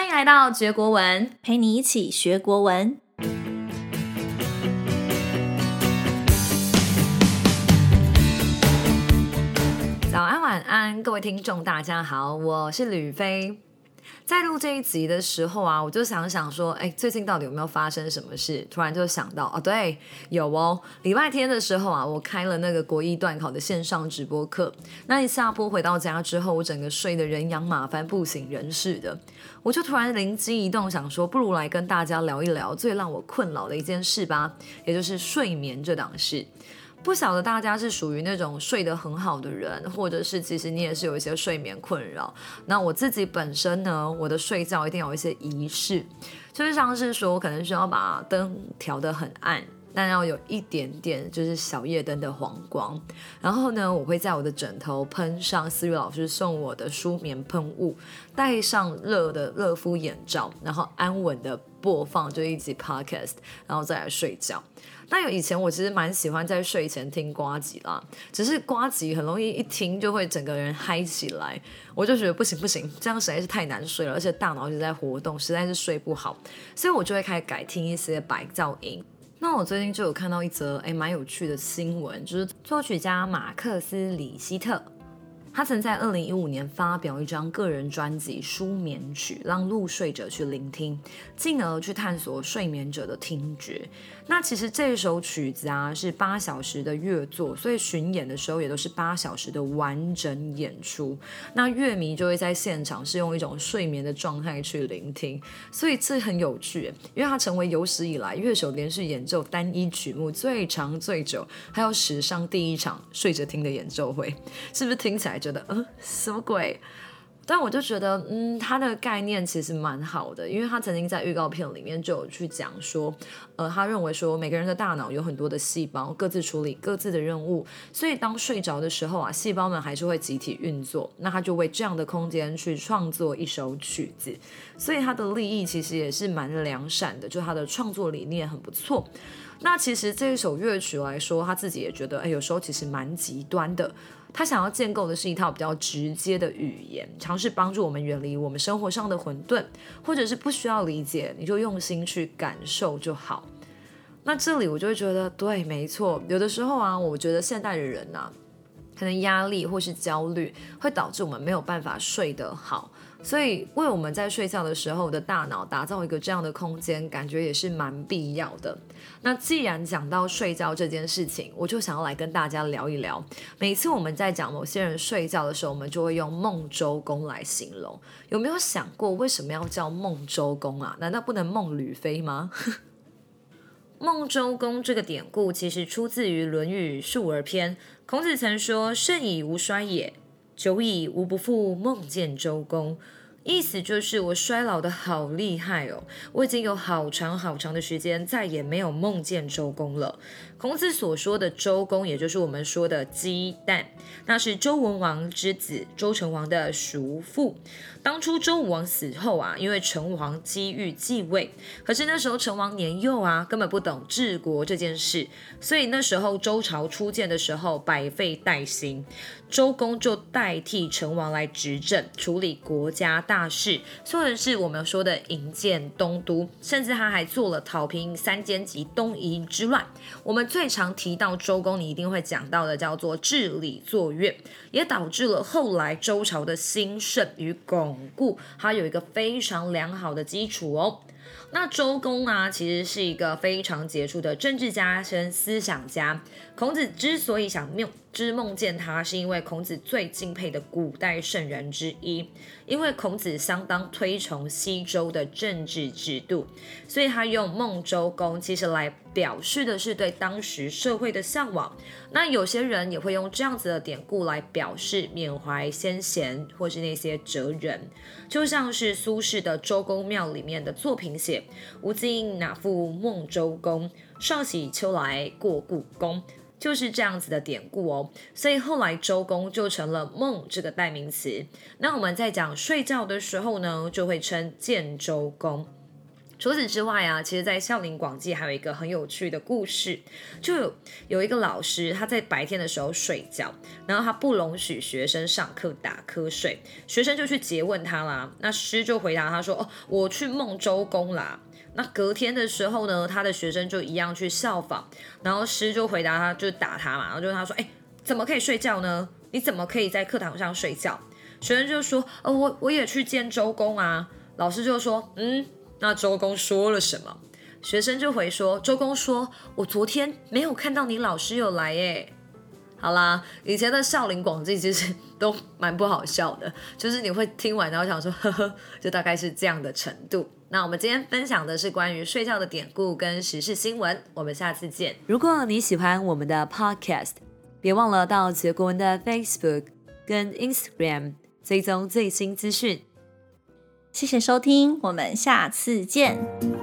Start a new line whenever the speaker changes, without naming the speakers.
歡迎來到學國文，陪你一起學國文。早安晚安，各位聽眾，大家好，我是呂飛。在錄這一集的時候啊，我就想想說，哎、欸，最近到底有沒有發生什麼事？突然就想到，啊、哦，對，有哦。禮拜天的時候啊，我開了那個國一段考的線上直播課，那一下播回到家之後，我整個睡得人仰馬翻、不省人事的。我就突然靈機一動，想說，不如來跟大家聊一聊最讓我困擾的一件事吧，也就是睡眠這檔事。不曉得大家是屬於那種睡得很好的人，或者是其實你也是有一些睡眠困擾。那我自己本身呢，我的睡覺一定有一些儀式，就是像是說，我可能需要把燈調得很暗。但要有一點點，就是小夜燈的黃光。然後呢，我會在我的枕頭噴上思雨老師送我的舒眠噴霧，戴上熱的熱敷眼罩，然後安穩的播放就一集 Podcast，然後再來睡覺。但有以前我其實蠻喜歡在睡前聽呱吉啦，只是呱吉很容易一聽就會整個人嗨起來，我就覺得不行不行，這樣實在是太難睡了，而且大腦一直在活動，實在是睡不好，所以我就會開始改聽一些白噪音。那我最近就有看到一則，哎，蠻有趣的新聞，就是作曲家馬克斯·李希特。他曾在二零一五年發表一張個人專輯《舒眠曲》，讓入睡者去聆聽，進而去探索睡眠者的聽覺。那其實這首曲子啊是八小時的樂作，所以巡演的時候也都是八小時的完整演出。那樂迷就會在現場是用一種睡眠的狀態去聆聽，所以這很有趣，因為它成為有史以來樂手連續演奏單一曲目最長最久，還有史上第一場睡着聽的演奏會，是不是聽起來就？嗯，什麼鬼？但我就覺得，嗯，他的概念其實蠻好的，因為他曾經在預告片裡面就有去講說，呃，他認為說每個人的大腦有很多的細胞，各自處理各自的任務，所以當睡着的時候啊，細胞們還是會集體運作，那他就為這樣的空間去創作一首曲子，所以他的立意其實也是蠻良善的，就他的創作理念很不錯。那其實這一首樂曲來說，他自己也覺得，哎，有時候其實蠻極端的。他想要建構的是一套比較直接的語言，嘗試幫助我們遠離我們生活上的混沌，或者是不需要理解，你就用心去感受就好。那這裡我就會覺得，對，沒錯。有的時候啊，我覺得現代的人呢啊，可能壓力或是焦慮會導致我們沒有辦法睡得好。所以，為我們在睡覺的時候的大腦打造一個這樣的空間，感覺也是蠻必要的。那既然講到睡覺這件事情，我就想要來跟大家聊一聊。每次我們在講某些人睡覺的時候，我們就會用“夢周公”來形容。有沒有想過為什麼要叫“夢周公”啊？難道不能“夢呂飛”嗎？“夢周公”這個典故其實出自於《論語述而篇》，孔子曾說：“甚矣吾衰也。”久矣，吾不復夢見周公。意思就是我衰老的好厲害哦，我已經有好長好長的時間再也沒有夢見周公了。孔子所說的周公，也就是我們說的姬旦，那是周文王之子周成王的叔父。當初周武王死後啊，因為成王姬裕繼位，可是那時候成王年幼啊，根本不懂治國這件事，所以那時候周朝初建的時候百廢待興，周公就代替成王來執政，處理國家大。大事，雖然是我們說的營建東都，甚至他還做了討平三監及東夷之亂。我們最常提到周公，你一定會講到的，叫做制禮作樂，也導致了後來周朝的興盛與鞏固，他有一個非常良好的基礎哦。那周公啊，其實是一個非常傑出的政治家兼思想家。孔子之所以想夢之夢見他，是因為孔子最敬佩的古代聖人之一。因為孔子相當推崇西周的政治制度，所以他用夢周公，其實來。表示的是對當時社會的向往，那有些人也會用這樣子的典故來表示緬懷先賢或是那些哲人，就像是蘇軾的《周公廟》裡面的作品寫“吾今哪復夢周公，尚喜秋來過故宮”，就是這樣子的典故哦。所以後來周公就成了夢這個代名詞。那我們在講睡覺的時候呢，就會稱見周公。除此之外啊，其實，在《笑林廣記》還有一個很有趣的故事，就有,有一個老師，他在白天的時候睡覺，然後他不容許學生上課打瞌睡，學生就去詰問他啦。那師就回答他說：“哦，我去夢周公啦。”那隔天的時候呢，他的學生就一樣去效仿，然後師就回答他，就打他嘛，然後就他說：“哎，怎麼可以睡覺呢？你怎麼可以在課堂上睡覺？”學生就說：“哦，我我也去見周公啊。”老師就說：“嗯。”那周公說了什麼？學生就回說：“周公說，我昨天沒有看到你老師有來耶。」好啦，以前的《笑林廣記》其實都蠻不好笑的，就是你會聽完然後想說，呵呵，就大概是這樣的程度。那我們今天分享的是關於睡覺的典故跟時事新聞，我們下次見。如果你喜歡我們的 Podcast，別忘了到杰國文的 Facebook 跟 Instagram 追蹤最新資訊。謝謝收聽，我們下次見。